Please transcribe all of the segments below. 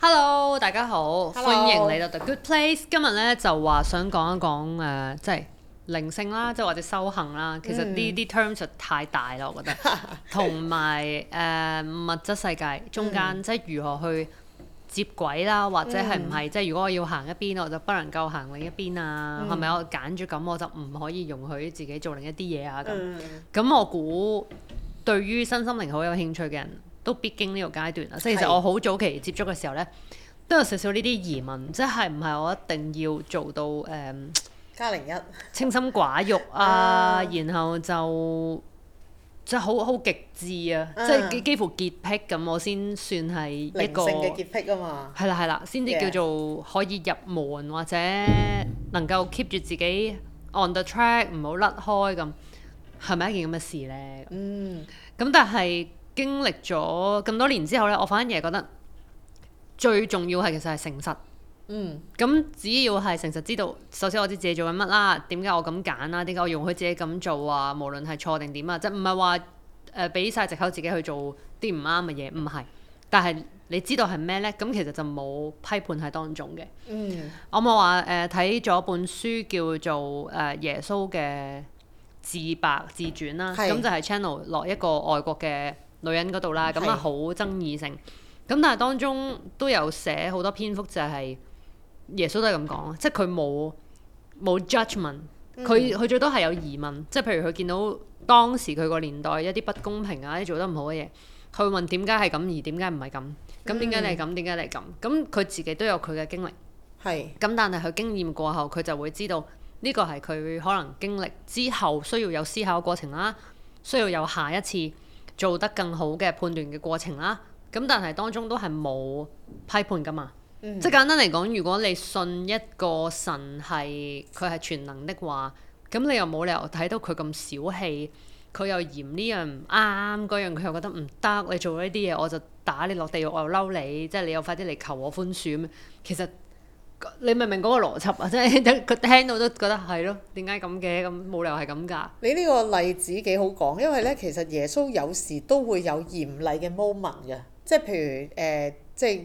Hello，大家好，Hello. 歡迎嚟到 The Good Place。今日咧就話想講一講誒，即係靈性啦，即係或者修行啦。嗯、其實呢啲 terms 太大咯，我覺得。同埋誒物質世界中間，嗯、即係如何去接軌啦，或者係唔係？嗯、即係如果我要行一邊，我就不能夠行另一邊啊？係咪、嗯？是是我揀住咁，我就唔可以容許自己做另一啲嘢啊？咁咁、嗯、我估對於身心靈好有興趣嘅人。都必經呢個階段啦，即係其實我好早期接觸嘅時候呢，都有少少呢啲疑問，即係唔係我一定要做到誒？嘉、嗯、玲寧一 清心寡欲啊，嗯、然後就即係好好極致啊，嗯、即係幾乎潔癖咁，我先算係一個。靈性嘅潔癖啊嘛，係啦係啦，先至叫做可以入門 Yeah. 或者能夠 keep 住自己 on the track，唔好甩開咁，係咪一件咁嘅事呢？嗯，咁但係。經歷咗咁多年之後呢，我反而係覺得最重要係其實係誠實。嗯，咁只要係誠實，知道首先我知自己做緊乜啦，點解我咁揀啦，點解我容許自己咁做啊，無論係錯定點啊，即唔係話誒俾曬藉口自己去做啲唔啱嘅嘢。唔係，但係你知道係咩呢？咁其實就冇批判喺當中嘅。嗯，我冇話誒睇咗本書叫做誒、呃、耶穌嘅自白自傳啦，咁是就係 channel 落一個外國嘅。女人嗰度啦，咁啊好爭議性。咁是但係當中都有寫好多篇幅就係耶穌都係咁講，即係佢冇冇 judgment，佢佢最多係有疑問，即係譬如佢見到當時佢個年代一啲不公平啊，一啲做得唔好嘅嘢，佢會問點解係咁，而點解唔係咁？咁點解你係咁？點解你係咁？咁佢自己都有佢嘅經歷，係是。咁但係佢經驗過後，佢就會知道呢個係佢可能經歷之後需要有思考過程啦，需要有下一次。做得更好嘅判斷嘅過程啦，咁但係當中都係冇批判噶嘛，嗯、即係簡單嚟講，如果你信一個神係佢係全能的話，咁你又冇理由睇到佢咁小氣，佢又嫌呢樣唔啱，嗰樣佢又覺得唔得，你做呢啲嘢我就打你落地獄，我又嬲你，即係你又快啲嚟求我寬恕咁，其實。你明唔明嗰個邏輯啊？即係聽佢聽到都覺得係咯，點解咁嘅咁冇理由係咁㗎？你呢個例子幾好講，因為咧其實耶穌有時都會有嚴厲嘅 moment 嘅，即係譬如誒，即係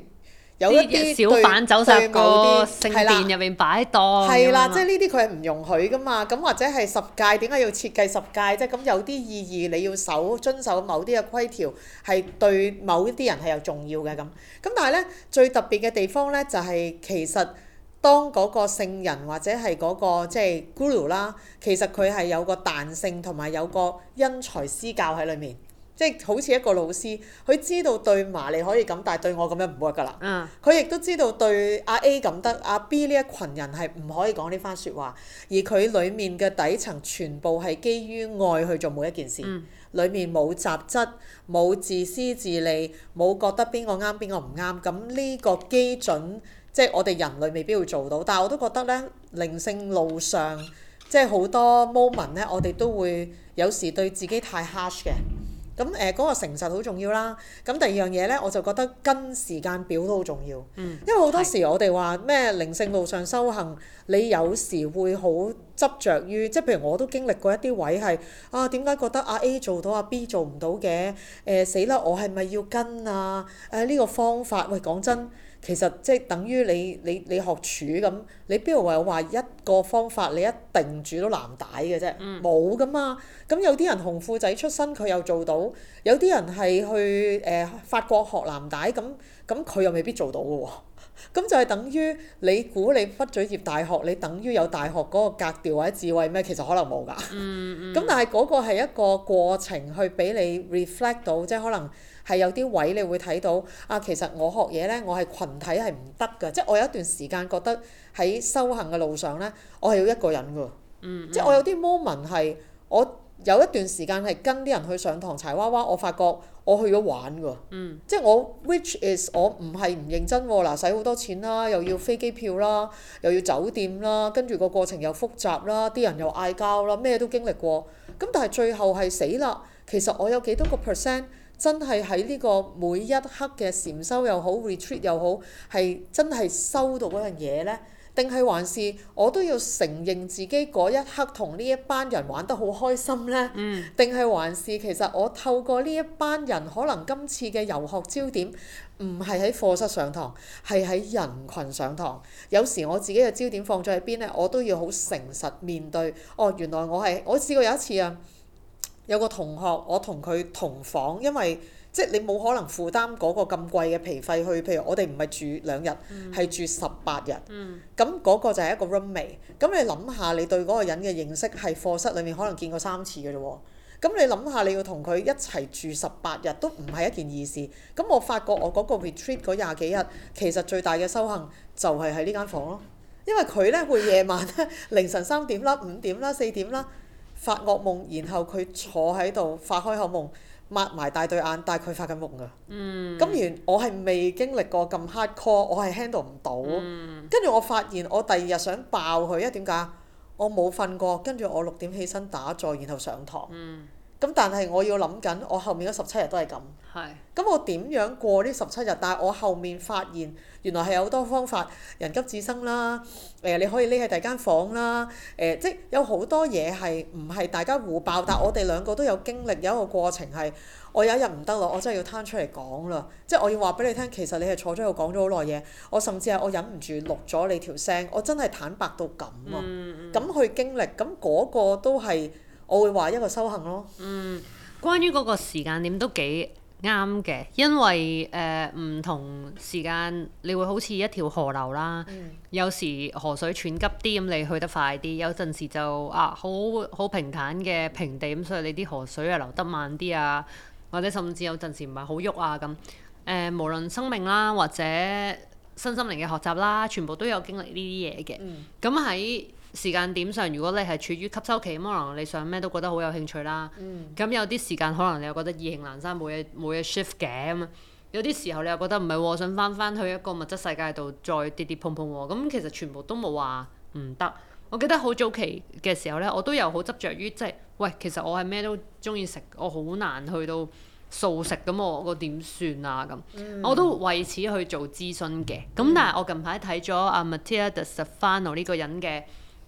有一啲小販走曬到聖殿入面擺檔，係啦，即係呢啲佢係唔容許㗎嘛。咁或者係十戒，點解要設計十戒啫？咁有啲意義你要守遵守某啲嘅規條，係對某啲人係有重要嘅咁。咁但係咧最特別嘅地方咧就係其實。當嗰個聖人或者係嗰、那個即係 Guru 啦，就是、uru，其實佢係有個彈性同埋有個因材施教喺裏面，即係好似一個老師，佢知道對瑪利可以咁，但係對我咁樣唔 work 㗎啦。佢亦都知道對阿 A 咁得，阿 B 呢一群人係唔可以講呢番説話，而佢裡面嘅底層全部係基於愛去做每一件事，裏、嗯、面冇雜質，冇自私自利，冇覺得邊個啱邊個唔啱，咁呢個基準。即係我哋人類未必會做到，但係我都覺得咧靈性路上，即係好多 moment 咧，我哋都會有時對自己太 harsh 嘅。咁誒，嗰、呃嗰個誠實好重要啦。咁第二樣嘢咧，我就覺得跟時間表都好重要。嗯。因為好多時我哋話咩靈性路上修行，你有時會好執着於，即係譬如我都經歷過一啲位係啊，點解覺得啊 A 做到啊 B 做唔到嘅？誒死啦！我係咪要跟啊？誒、啊、呢、啊呢個方法喂，講真。其實即係等於你你你學煮咁，你邊度話話一個方法你一定煮到藍帶嘅啫？冇噶嘛。咁有啲人紅褲仔出身佢又做到，有啲人係去誒、呃、法國學藍帶咁，咁佢又未必做到嘅喎。咁就係等於你估你畢咗業大學，你等於有大學嗰個格調或者智慧咩？其實可能冇㗎。咁、嗯嗯、 但係嗰個係一個過程去俾你 reflect 到，即係可能。係有啲位你會睇到啊！其實我學嘢呢，我係群體係唔得㗎，即係我有一段時間覺得喺修行嘅路上呢，我係要一個人㗎，嗯、即係我有啲 moment 係我有一段時間係跟啲人去上堂柴娃娃，我發覺我去咗玩㗎，嗯、即係我 which is 我唔係唔認真喎嗱，使好多錢啦，又要飛機票啦，又要酒店啦，跟住個過程又複雜啦，啲人又嗌交啦，咩都經歷過，咁但係最後係死啦。其實我有幾多個 percent？真係喺呢個每一刻嘅禪修又好 retreat 又好，係真係收到嗰樣嘢呢？定係還是我都要承認自己嗰一刻同呢一班人玩得好開心呢？定係、嗯、還是其實我透過呢一班人，可能今次嘅遊學焦點唔係喺課室上堂，係喺人群上堂。有時我自己嘅焦點放咗喺邊呢？我都要好誠實面對。哦，原來我係我試過有一次啊～有個同學，我同佢同房，因為即係你冇可能負擔嗰個咁貴嘅皮費去，譬如我哋唔係住兩日，係、嗯、住十八日。咁嗰、嗯、個就係一個 roommate。咁你諗下，你對嗰個人嘅認識係課室裡面可能見過三次嘅啫喎。咁你諗下，你要同佢一齊住十八日都唔係一件易事。咁我發覺我嗰個 retreat 嗰廿幾日，其實最大嘅修行就係喺呢間房咯，因為佢咧會夜晚咧 凌晨三點啦、五點啦、四點啦。發噩夢，然後佢坐喺度發開口夢，擘埋大對眼，但係佢發緊夢㗎。嗯，咁然我係未經歷過咁 hard call 我係 handle 唔到。跟住、嗯、我發現我第二日想爆佢，因為點解啊？我冇瞓過，跟住我六點起身打坐，然後上堂。嗯咁但係我要諗緊，我後面嗰十七日都係咁。係的。咁我點樣過呢十七日？但係我後面發現，原來係有好多方法，人急智生啦。誒、呃，你可以匿喺第二間房啦。誒、呃，即有好多嘢係唔係大家互爆？但我哋兩個都有經歷，有一個過程係，我有一日唔得啦，我真係要攤出嚟講啦。即係我要話俾你聽，其實你係坐咗喺度講咗好耐嘢。我甚至係我忍唔住錄咗你條聲，我真係坦白到咁啊！咁、嗯嗯、去經歷，咁嗰個都係。我會話一個修行咯。嗯，關於嗰個時間點都幾啱嘅，因為誒、呃、唔同時間，你會好似一條河流啦。嗯、有時河水湍急啲咁，你去得快啲；有陣時就啊，好好平坦嘅平地咁，所以你啲河水啊流得慢啲啊，或者甚至有陣時唔係好喐啊咁。誒、呃，無論生命啦，或者身心靈嘅學習啦，全部都有經歷呢啲嘢嘅。咁喺、嗯嗯時間點上，如果你係處於吸收期，咁可能你想咩都覺得好有興趣啦。咁、嗯、有啲時間可能你又覺得意興闌珊，冇嘢冇嘢 shift 嘅咁。有啲時候你又覺得唔係，想翻翻去一個物質世界度再跌跌碰碰喎。咁其實全部都冇話唔得。我記得好早期嘅時候咧，我都有好執着於即係、就是，喂，其實我係咩都中意食，我好難去到素食咁，我我點算啊咁？嗯、我都為此去做諮詢嘅。咁、嗯嗯、但係我近排睇咗阿 Matias De Stefano 呢個人嘅。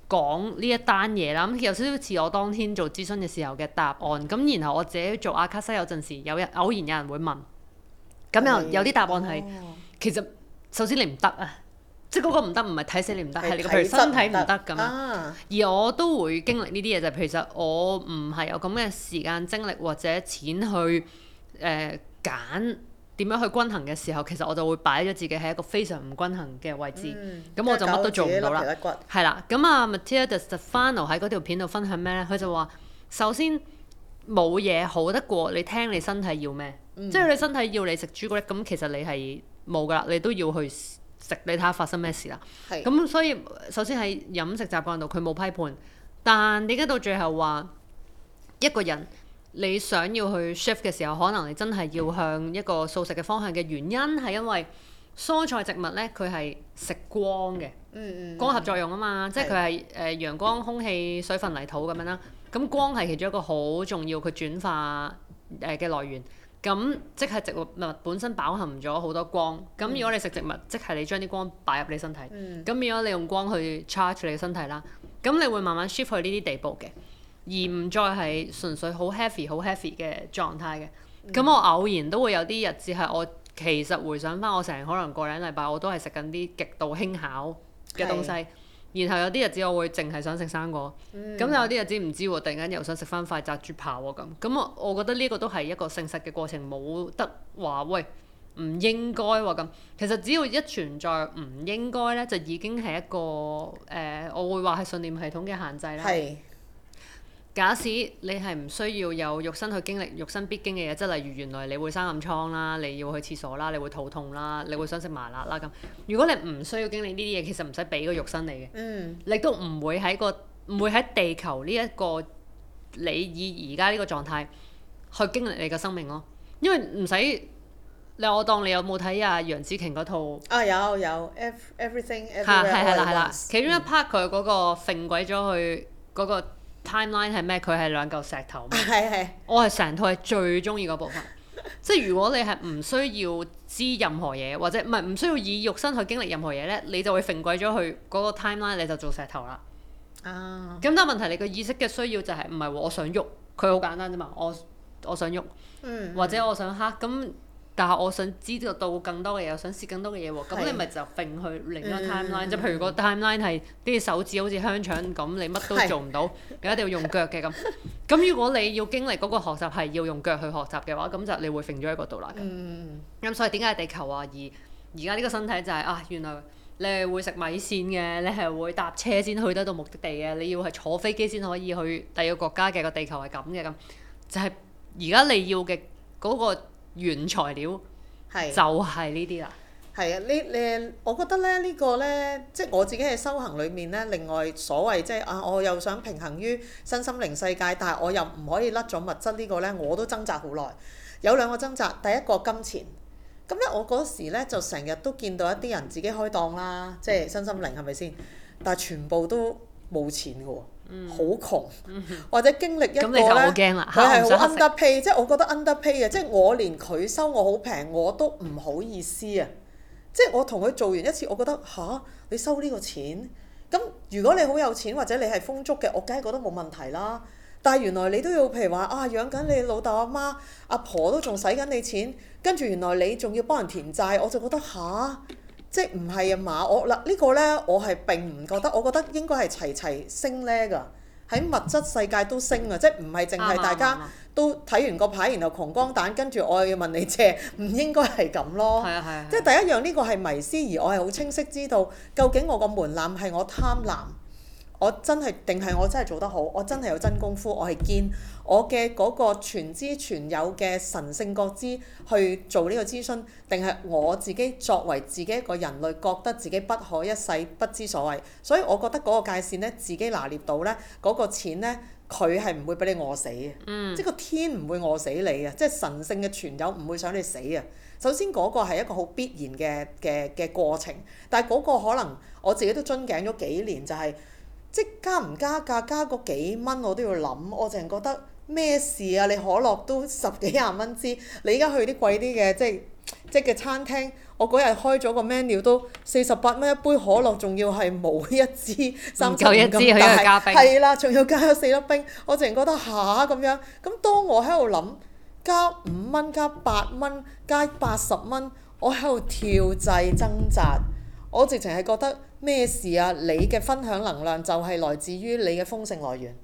講呢一單嘢啦，咁有少少似我當天做諮詢嘅時候嘅答案。咁然後我自己做阿卡西有陣時，有人偶然有人會問，咁又有啲是答案係、哦、其實首先你唔得、就是、看啊，即係嗰個唔得，唔係睇死你唔得，係你個身體唔得咁啊。而我都會經歷呢啲嘢，就係其實我唔係有咁嘅時間、精力或者錢去誒揀。呃點樣去均衡嘅時候，其實我就會擺咗自己喺一個非常唔均衡嘅位置，咁、嗯、我就乜都做唔到啦。係啦、嗯，咁啊 Matilda De Stefano 喺嗰條片度分享咩咧？佢就話：首先冇嘢好得過你聽，你身體要咩？嗯、即係你身體要你食朱古力，咁其實你係冇噶啦，你都要去食。你睇下發生咩事啦？咁的所以首先喺飲食習慣度佢冇批判，但你跟到最後話一個人。你想要去 shift 嘅時候，可能你真係要向一個素食嘅方向嘅原因係、嗯、因為蔬菜植物呢，佢係食光嘅，光合作用啊嘛，嗯、即係佢係誒陽光、空氣、水分、泥土咁樣啦。咁光係其中一個好重要，佢轉化誒嘅來源。咁即係植物物本身飽含咗好多光。咁如果你食植物，嗯、即係你將啲光擺入你身體。咁、嗯、變咗你用光去 charge 你身體啦，咁你會慢慢 shift 去呢啲地步嘅。而唔再係純粹好 heavy、好 heavy 嘅狀態嘅，咁、嗯、我偶然都會有啲日子係我其實回想翻，我成可能個兩禮拜我都係食緊啲極度輕巧嘅東西，是然後有啲日子我會淨係想食生果，咁、嗯、有啲日子唔知喎，突然間又想食翻塊炸豬扒喎咁，咁我我覺得呢個都係一個誠實嘅過程，冇得話，喂，唔應該喎咁，其實只要一存在唔應該呢就已經係一個誒、呃，我會話係信念系統嘅限制啦。假使你係唔需要有肉身去經歷肉身必經嘅嘢，即係例如原來你會生暗瘡啦，你要去廁所啦，你會肚痛啦，你會想食麻辣啦咁。如果你唔需要經歷呢啲嘢，其實唔使俾個肉身、嗯、你嘅、這個，你都唔會喺個唔會喺地球呢一個你以而家呢個狀態去經歷你嘅生命咯。因為唔使你我當你有冇睇啊楊紫瓊嗰套啊？有有 Everything，Everywhere，係係啦係啦。其中一 part 佢嗰個揈鬼咗去嗰、嗰個 Timeline 係咩？佢係兩嚿石頭。係係。我係成套係最中意嗰部分。 即係如果你係唔需要知任何嘢，或者唔係唔需要以肉身去經歷任何嘢咧，你就會揈鬼咗去嗰個 timeline，你就做石頭啦。咁、oh. 但係問題，你個意識嘅需要就係唔係我想喐，佢好簡單啫嘛。我我想喐，mm hmm. 或者我想黑咁。但係我想知道到更多嘅嘢，我想試更多嘅嘢喎，咁是你咪就揈去另一個 timeline，即、嗯、譬如個 timeline 係啲手指好似香腸咁，嗯、你乜都做唔到，是你一定要用腳嘅咁。咁如果你要經歷嗰個學習係要用腳去學習嘅話，咁就你會揈咗一個度啦。咁、嗯、所以點解地球啊，而而家呢個身體就係、是、啊，原來你係會食米線嘅，你係會搭車先去得到目的地嘅，你要係坐飛機先可以去第二個國家嘅個地球係咁嘅咁，就係而家你要嘅嗰、那個。原材料是就係呢啲啦，係啊，呢呢，我覺得咧呢個咧，即係我自己嘅修行裏面咧，另外所謂即係啊，我又想平衡於身心靈世界，但係我又唔可以甩咗物質呢個咧，我都掙扎好耐，有兩個掙扎，第一個金錢，咁咧我嗰時咧就成日都見到一啲人自己開檔啦，即係身心靈係咪先？但係全部都冇錢嘅喎。好窮，或者經歷一個咧，佢係好 under pay，即係 我覺得 under pay 即係 我連佢收我好平我都唔好意思啊！即係我同佢做完一次，我覺得嚇你收呢個錢，咁如果你好有錢或者你係豐足嘅，我梗係覺得冇問題啦。但係原來你都要譬如話啊，養緊你老豆阿媽阿婆都仲使緊你錢，跟住原來你仲要幫人填債，我就覺得嚇。即係唔係啊嘛，我嗱、這個、呢個咧，我係並唔覺得，我覺得應該係齊齊升咧㗎。喺物質世界都升啊，即係唔係淨係大家都睇完個牌，然後窮光蛋，跟住我又要問你借，唔應該係咁咯。係啊係啊。即係第一樣呢、這個係迷思，而我係好清晰知道，究竟我個門檻係我貪婪。我真係定係我真係做得好，我真係有真功夫，我係堅我嘅嗰個全知全有嘅神聖覺知去做呢個諮詢，定係我自己作為自己一個人類，覺得自己不可一世不知所謂。所以我覺得嗰個界線咧，自己拿捏到咧，嗰、嗰個錢咧，佢係唔會俾你餓死嘅，即係個天唔會餓死你嘅，即係神聖嘅全有唔會想你死啊。首先嗰個係一個好必然嘅嘅嘅過程，但係嗰個可能我自己都樽頸咗幾年就係、係。即加唔加價，加個幾蚊我都要諗，我淨係覺得咩事啊？你可樂都十幾廿蚊支，你而家去啲貴啲嘅，即係即嘅餐廳，我嗰日開咗個 menu 都四十八蚊一杯可樂，仲要係冇一支三七五咁，一但係係啦，仲要加咗四粒冰，我淨係覺得嚇咁樣。咁當我喺度諗加五蚊、加八蚊、加八十蚊，我喺度跳掣掙扎，我直情係覺得。咩事啊？你嘅分享能量就係來自於你嘅豐盛來源。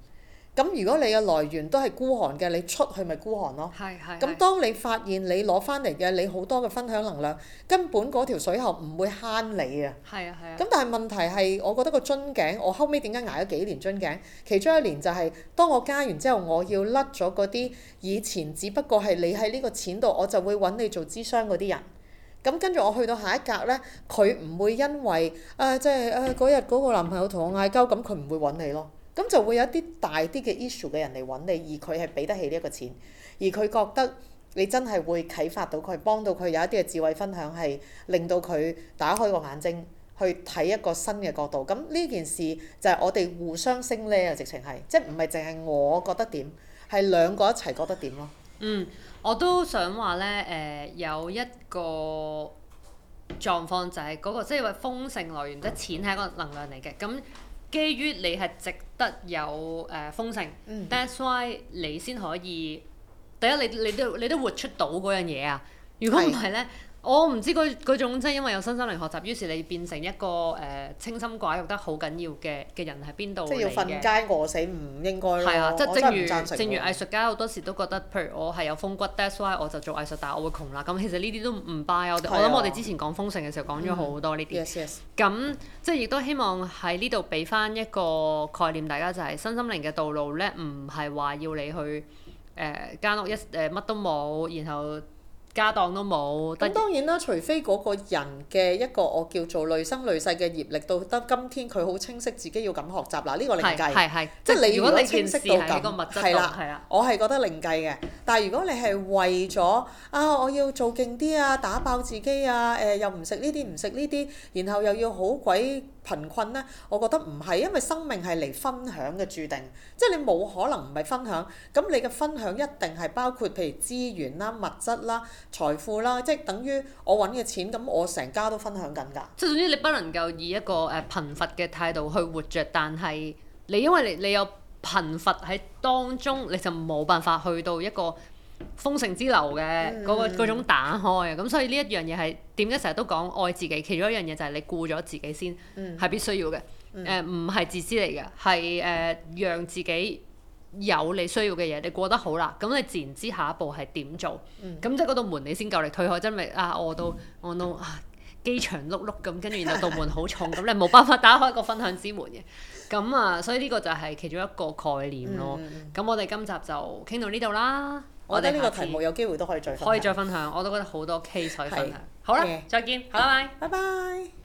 咁如果你嘅來源都係孤寒嘅，你出去咪孤寒咯。係係。咁當你發現你攞返嚟嘅，你好多嘅分享能量根本嗰條水喉唔會慳你啊。係啊係啊。咁但係問題係，我覺得個樽頸，我後尾點解捱咗幾年樽頸？其中一年就係當我加完之後，我要甩咗嗰啲以前，只不過係你喺呢個錢度，我就會揾你做諮商嗰啲人。咁跟住我去到下一格呢，佢唔會因為啊，即係啊嗰日嗰個男朋友同我嗌交，咁佢唔會揾你咯。咁就會有一啲大啲嘅 issue 嘅人嚟揾你，而佢係俾得起呢一個錢，而佢覺得你真係會啟發到佢，幫到佢有一啲嘅智慧分享，係令到佢打開個眼睛去睇一個新嘅角度。咁呢件事就係我哋互相升 level，直情係，即係唔係淨係我覺得點，係兩個一齊覺得點咯。嗯。.我都想話呢，誒、呃、有一個狀況就係嗰、嗰個，即係話豐盛來源，即係錢係一個能量嚟嘅。咁基於你係值得有誒豐盛，that's why 你先可以第一，你你，你都你都活出到嗰樣嘢啊！如果唔係呢。我唔知佢種即係因為有身心靈學習，於是你變成一個誒、呃、清心寡欲得好緊要嘅嘅人，喺邊度即係要瞓街餓死唔應該咯。啊，即係正如正如藝術家好多時都覺得，譬如我係有風骨，that's why 我就做藝術，但係我會窮啦。咁其實呢啲都唔敗我哋。我諗是、啊、我哋之前講豐盛嘅時候講咗好多呢啲。咁、嗯 yes, yes. 即係亦都希望喺呢度俾翻一個概念，大家就係、是、身心靈嘅道路咧，唔係話要你去誒間、呃、屋一誒乜、呃、都冇，然後。家當都冇。咁當然啦，除非嗰個人嘅一個我叫做累生累世嘅業力，到得今天佢好清晰自己要咁學習喇，呢、這個另計，即係如果你要清晰到咁。係啦，係啊，我係覺得另計嘅。但係如果你係為咗啊，我要做勁啲啊，打爆自己啊，誒、呃、又唔食呢啲，唔食呢啲，然後又要好鬼。貧困咧，我覺得唔係，因為生命係嚟分享嘅注定，即係你冇可能唔係分享，咁你嘅分享一定係包括譬如資源啦、物質啦、財富啦，即係等於我揾嘅錢，咁我成家都分享緊㗎。即係總之，你不能夠以一個誒貧乏嘅態度去活着。但係你因為你你有貧乏喺當中，你就冇辦法去到一個豐盛之流嘅嗰、mm, mm, 嗰個嗰種打開啊，咁所以呢一樣嘢係點解成日都講愛自己，其中一樣嘢就係你顧咗自己先係、mm, 必須要嘅。誒唔係自私嚟嘅，係誒、呃、讓自己有你需要嘅嘢，你過得好啦，咁你自然知下一步係點做。咁、mm, 即係嗰道門你先夠力推開，真係啊餓到餓到啊飢腸轆轆咁，跟住然後道門好重，咁 你冇辦法打開個分享之門嘅。咁啊，所以呢個就係其中一個概念咯。咁我哋今集就傾到呢度啦。我覺得呢個題目有機會都可以再分享可以再分享，我都覺得好多 case 可以分享。是好啦，Yeah. 再見，好啦，拜拜。